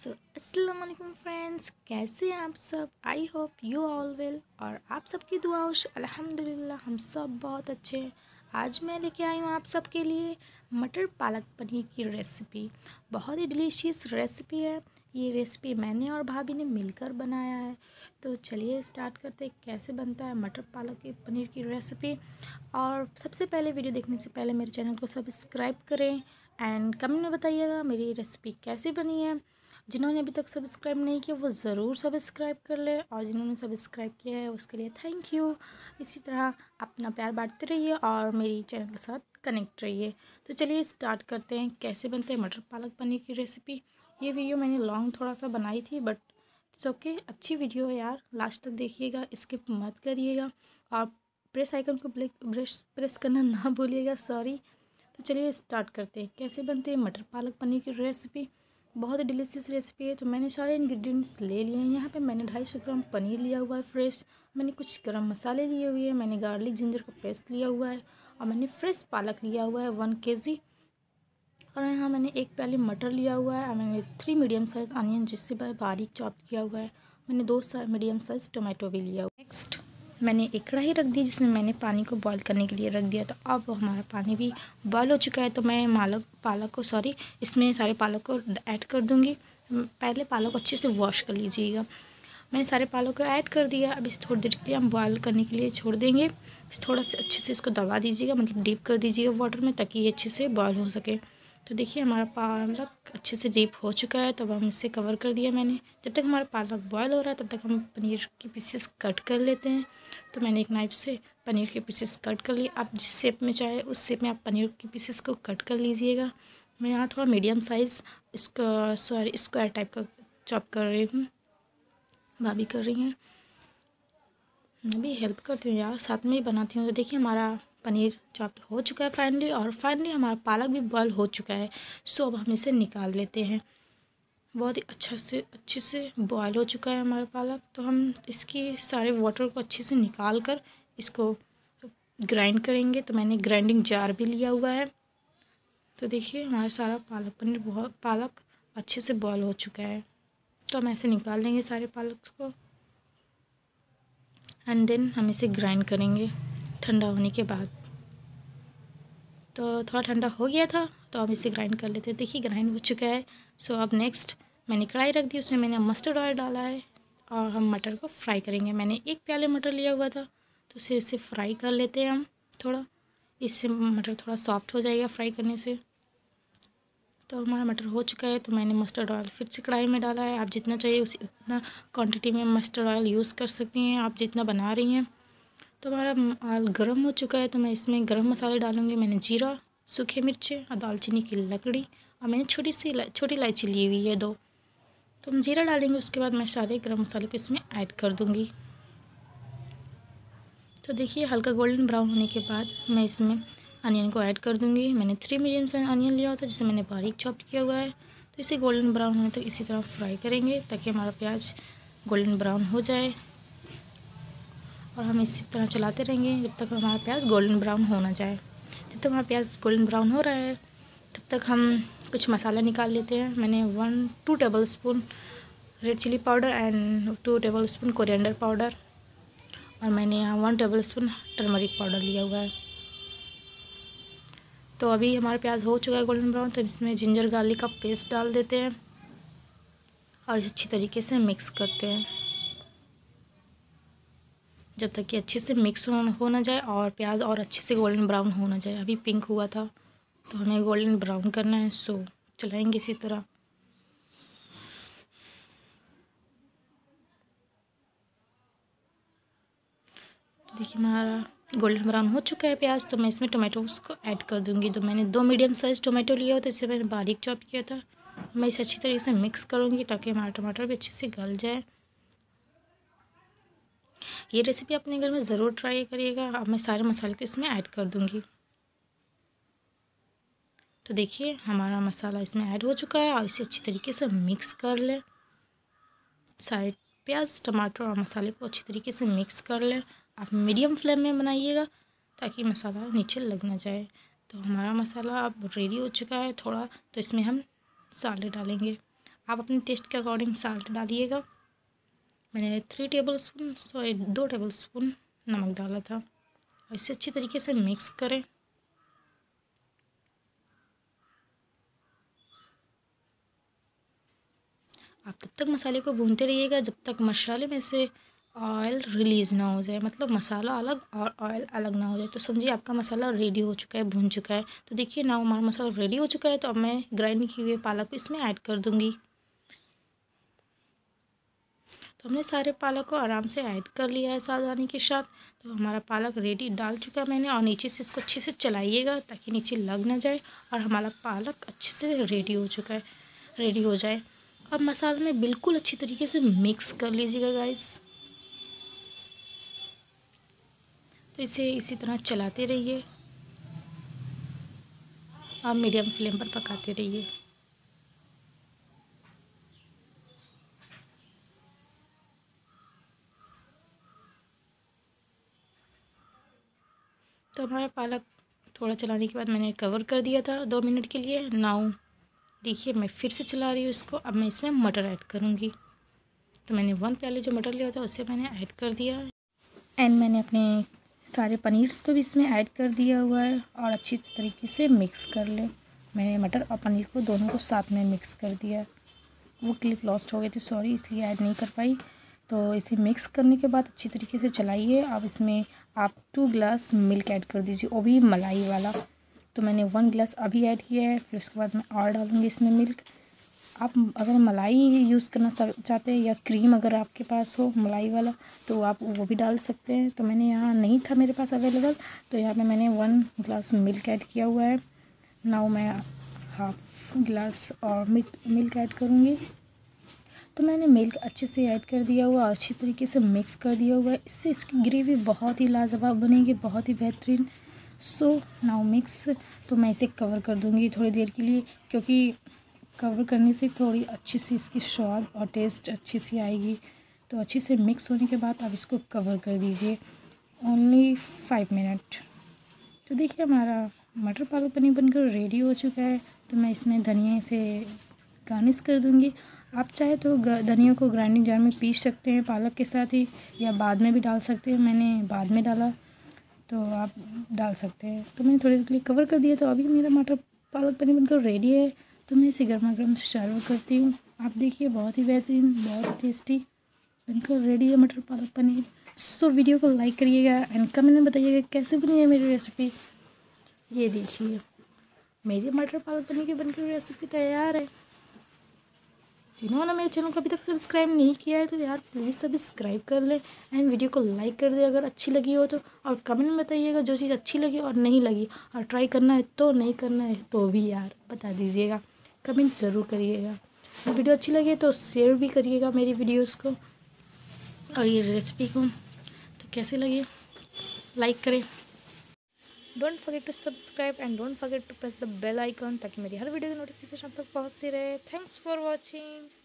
सो अस्सलाम वालेकुम फ्रेंड्स कैसे हैं आप सब I hope you all well और आप सबकी दुआ से अल्हम्दुलिल्लाह हम सब बहुत अच्छे हैं आज मैं लेके आई हूँ आप सबके लिए मटर पालक पनीर की रेसिपी बहुत ही डिलीशियस रेसिपी है ये रेसिपी मैंने और भाभी ने मिलकर बनाया है तो चलिए स्टार्ट करते हैं कैसे बनता है मटर पालक की पनीर की रेसिपी और सबसे पहले वीडियो देखने से पहले मेरे चैनल को सब्सक्राइब करें एंड कमेंट में बताइएगा मेरी रेसिपी कैसी बनी है जिन्होंने अभी तक सब्सक्राइब नहीं किया वो ज़रूर सब्सक्राइब कर लें और जिन्होंने सब्सक्राइब किया है उसके लिए थैंक यू इसी तरह अपना प्यार बांटते रहिए और मेरी चैनल के साथ कनेक्ट रहिए तो चलिए स्टार्ट करते हैं कैसे बनते हैं मटर पालक पनीर की रेसिपी ये वीडियो मैंने लॉन्ग थोड़ा सा बनाई थी बट इट्स ओके अच्छी वीडियो है यार लास्ट तक देखिएगा स्किप मत करिएगा और प्रेस आइकन को ब्रश प्रेस करना ना भूलिएगा सॉरी तो चलिए स्टार्ट करते हैं कैसे बनते हैं मटर पालक पनीर की रेसिपी बहुत डिलीशियस रेसिपी है तो मैंने सारे इंग्रेडिएंट्स ले लिए हैं यहाँ पे मैंने ढाई सौ ग्राम पनीर लिया हुआ है फ्रेश मैंने कुछ गरम मसाले लिए हुए हैं मैंने गार्लिक जिंजर का पेस्ट लिया हुआ है और मैंने फ्रेश पालक लिया हुआ है वन के जी और यहाँ मैंने एक प्याले मटर लिया हुआ है और मैंने थ्री मीडियम साइज़ अनियन जिससे बारीक चॉप किया हुआ है मैंने दो मीडियम साइज़ टोमेटो भी लिया हुआ नेक्स्ट मैंने एक कढ़ाई रख दी जिसमें मैंने पानी को बॉईल करने के लिए रख दिया तो अब हमारा पानी भी बॉयल हो चुका है तो मैं मालक पालक को सॉरी इसमें सारे पालक को ऐड कर दूँगी पहले पालक को अच्छे से वॉश कर लीजिएगा मैंने सारे पालक को ऐड कर दिया अब इसे थोड़ी देर के लिए हम बॉयल करने के लिए छोड़ देंगे थोड़ा सा अच्छे से इसको दबा दीजिएगा मतलब डीप कर दीजिएगा वाटर में ताकि ये अच्छे से बॉयल हो सके तो देखिए हमारा पालक अच्छे से डीप हो चुका है तब हम इसे कवर कर दिया मैंने जब तक हमारा पालक बॉयल हो रहा है तब तक हम पनीर के पीसेस कट कर लेते हैं तो मैंने एक नाइफ़ से पनीर के पीसेस कट कर लिए आप जिस शेप में चाहे उस शेप में आप पनीर के पीसेस को कट कर लीजिएगा मैं यहाँ थोड़ा medium size sorry square type का चॉप कर रही हूँ भाभी कर रही हैं मैं भी हेल्प करती हूँ यार साथ में ही बनाती हूँ तो देखिए हमारा पनीर चॉप्ड हो चुका है फाइनली और फाइनली हमारा पालक भी बॉयल हो चुका है सो अब हम इसे निकाल लेते हैं बहुत ही अच्छा से अच्छे से बॉयल हो चुका है हमारा पालक तो हम इसकी सारे वाटर को अच्छे से निकाल कर इसको ग्राइंड करेंगे तो मैंने ग्राइंडिंग जार भी लिया हुआ है तो देखिए हमारा सारा पालक पनीर बहुत पालक अच्छे से बॉयल हो चुका है तो हम ऐसे निकाल देंगे सारे पालक को एंड देन हम इसे ग्राइंड करेंगे ठंडा होने के बाद तो थोड़ा ठंडा हो गया था तो अब इसे ग्राइंड कर लेते हैं देखिए ग्राइंड हो चुका है सो अब नेक्स्ट मैंने कढ़ाई रख दी उसमें मैंने मस्टर्ड ऑयल डाला है और हम मटर को फ्राई करेंगे मैंने एक प्याले मटर लिया हुआ था तो उसे इसे फ्राई कर लेते हैं हम थोड़ा इससे मटर थोड़ा सॉफ्ट हो जाएगा फ्राई करने से तो हमारा मटर हो चुका है तो मैंने मस्टर्ड ऑयल फिर से कढ़ाई में डाला है आप जितना चाहिए उसी उतना क्वांटिटी में मस्टर्ड ऑयल यूज़ कर सकती हैं आप जितना बना रही हैं तो हमारा गर्म हो चुका है तो मैं इसमें गर्म मसाले डालूँगी मैंने जीरा सूखे मिर्चें और दालचीनी की लकड़ी और मैंने छोटी सी छोटी इलायची ली हुई है दो तो हम जीरा डालेंगे उसके बाद मैं सारे गर्म मसाले को इसमें ऐड कर दूँगी तो देखिए हल्का गोल्डन ब्राउन होने के बाद मैं इसमें अनियन को ऐड कर दूँगी मैंने थ्री मीडियम साइज अनियन लिया होता है जिसे मैंने बारीक चॉप किया हुआ है तो इसे गोल्डन ब्राउन होने तक तो इसी तरह फ्राई करेंगे ताकि हमारा प्याज गोल्डन ब्राउन हो जाए और हम इसी तरह चलाते रहेंगे जब तक हमारा प्याज गोल्डन ब्राउन हो ना जाए जब तक हमारा प्याज गोल्डन ब्राउन हो रहा है तब तक हम कुछ मसाला निकाल लेते हैं मैंने one two tablespoon red chilli powder and two tablespoon coriander powder और मैंने यहाँ one tablespoon turmeric powder लिया हुआ है तो अभी हमारा प्याज हो चुका है गोल्डन ब्राउन तो इसमें जिंजर गार्लिक का पेस्ट डाल देते हैं और अच्छी तरीके से मिक्स करते हैं जब तक कि अच्छे से मिक्स हो ना जाए और प्याज और अच्छे से गोल्डन ब्राउन हो ना जाए अभी पिंक हुआ था तो हमें गोल्डन ब्राउन करना है सो चलाएंगे इसी तरह तो देखिए हमारा गोल्डन ब्राउन हो चुका है प्याज तो मैं इसमें टोमेटो को ऐड कर दूंगी तो मैंने दो मीडियम साइज़ टोमेटो लिया हो तो इसे मैंने बारीक चॉप किया था मैं इसे अच्छी तरीके से मिक्स करूँगी ताकि हमारा टमाटर भी अच्छे से गल जाए ये रेसिपी अपने घर में ज़रूर ट्राई करिएगा अब मैं सारे मसाले को इसमें ऐड कर दूँगी तो देखिए हमारा मसाला इसमें ऐड हो चुका है और इसे अच्छी तरीके से मिक्स कर लें सारे प्याज टमाटर और मसाले को अच्छी तरीके से मिक्स कर लें आप मीडियम फ्लेम में बनाइएगा ताकि मसाला नीचे लग ना जाए तो हमारा मसाला अब रेडी हो चुका है थोड़ा तो इसमें हम साल्ट डालेंगे आप अपने टेस्ट के अकॉर्डिंग साल्ट डालिएगा मैंने थ्री टेबल स्पून सॉरी दो टेबल स्पून नमक डाला था और इसे अच्छी तरीके से मिक्स करें आप तब तक मसाले को भूनते रहिएगा जब तक मसाले में से ऑयल रिलीज़ ना हो जाए मतलब मसाला अलग और ऑयल अलग ना हो जाए तो समझिए आपका मसाला रेडी हो चुका है भून चुका है तो देखिए ना हमारा मसाला रेडी हो चुका है तो अब मैं ग्राइंड किए हुए पालक को इसमें ऐड कर दूँगी तो हमने सारे पालक को आराम से ऐड कर लिया है सावधानी के साथ तो हमारा पालक रेडी डाल चुका है मैंने और नीचे से इसको अच्छे से चलाइएगा ताकि नीचे लग ना जाए और हमारा पालक अच्छे से रेडी हो चुका है रेडी हो जाए अब मसाले में बिल्कुल अच्छी तरीके से मिक्स कर लीजिएगा गाइस तो इसे इसी तरह चलाते रहिए और मीडियम फ्लेम पर पकाते रहिए हमारा पालक थोड़ा चलाने के बाद मैंने कवर कर दिया था दो मिनट के लिए नाउ देखिए मैं फिर से चला रही हूँ इसको अब मैं इसमें मटर ऐड करूँगी तो मैंने वन प्याले जो मटर लिया था उसे मैंने ऐड कर दिया एंड मैंने अपने सारे पनीर्स को भी इसमें ऐड कर दिया हुआ है और अच्छी तरीके से मिक्स कर लें मैंने मटर और पनीर को दोनों को साथ में मिक्स कर दिया वो क्लिप लॉस्ट हो गई थी सॉरी इसलिए ऐड नहीं कर पाई तो इसे मिक्स करने के बाद अच्छी तरीके से चलाइए अब इसमें आप टू ग्लास मिल्क ऐड कर दीजिए वो भी मलाई वाला तो मैंने वन ग्लास अभी ऐड किया है फिर उसके बाद मैं और डालूँगी इसमें मिल्क आप अगर मलाई यूज़ करना चाहते हैं या क्रीम अगर आपके पास हो मलाई वाला तो आप वो भी डाल सकते हैं तो मैंने यहाँ नहीं था मेरे पास अवेलेबल तो यहाँ पे मैंने वन ग्लास मिल्क ऐड किया हुआ है नाउ मैं हाफ़ गिलास और मिल्क ऐड करूँगी तो मैंने मिल्क अच्छे से ऐड कर दिया हुआ और अच्छी तरीके से मिक्स कर दिया हुआ है इससे इसकी ग्रेवी बहुत ही लाजवाब बनेगी बहुत ही बेहतरीन सो नाउ मिक्स तो मैं इसे कवर कर दूँगी थोड़ी देर के लिए क्योंकि कवर करने से थोड़ी अच्छी सी इसकी स्वाद और टेस्ट अच्छी सी आएगी तो अच्छे से मिक्स होने के बाद आप इसको कवर कर दीजिए ओनली फाइव मिनट तो देखिए हमारा मटर पालक पनीर बनकर रेडी हो चुका है तो मैं इसमें धनिया से गार्निश कर दूँगी आप चाहे तो धनिया को ग्राइंडिंग जार में पीस सकते हैं पालक के साथ ही या बाद में भी डाल सकते हैं मैंने बाद में डाला तो आप डाल सकते हैं तो मैंने थोड़ी देर के लिए कवर कर दिया तो अभी मेरा मटर पालक पनीर बनकर रेडी है तो मैं इसे गर्मा गर्म सर्व करती हूँ आप देखिए बहुत ही बेहतरीन बहुत टेस्टी बनकर रेडी है मटर पालक पनीर सो वीडियो को लाइक करिएगा एंड कमेंट में बताइएगा कैसे बनी है मेरी रेसिपी ये देखिए मेरी मटर पालक पनीर की बनकर रेसिपी तैयार है जिन्होंने मेरे चैनल को अभी तक सब्सक्राइब नहीं किया है तो यार प्लीज़ सब्सक्राइब कर लें एंड वीडियो को लाइक कर दें अगर अच्छी लगी हो तो और कमेंट में बताइएगा जो चीज़ अच्छी लगी और नहीं लगी और ट्राई करना है तो नहीं करना है तो भी यार बता दीजिएगा कमेंट ज़रूर करिएगा वीडियो अच्छी लगे तो शेयर भी करिएगा मेरी वीडियोज़ को और ये रेसिपी को तो कैसे लगे लाइक करें don't forget to subscribe and don't forget to press the bell icon ताकि मेरी हर वीडियो की नोटिफिकेशन आप तक पहुंचती रहे थैंक्स फॉर वॉचिंग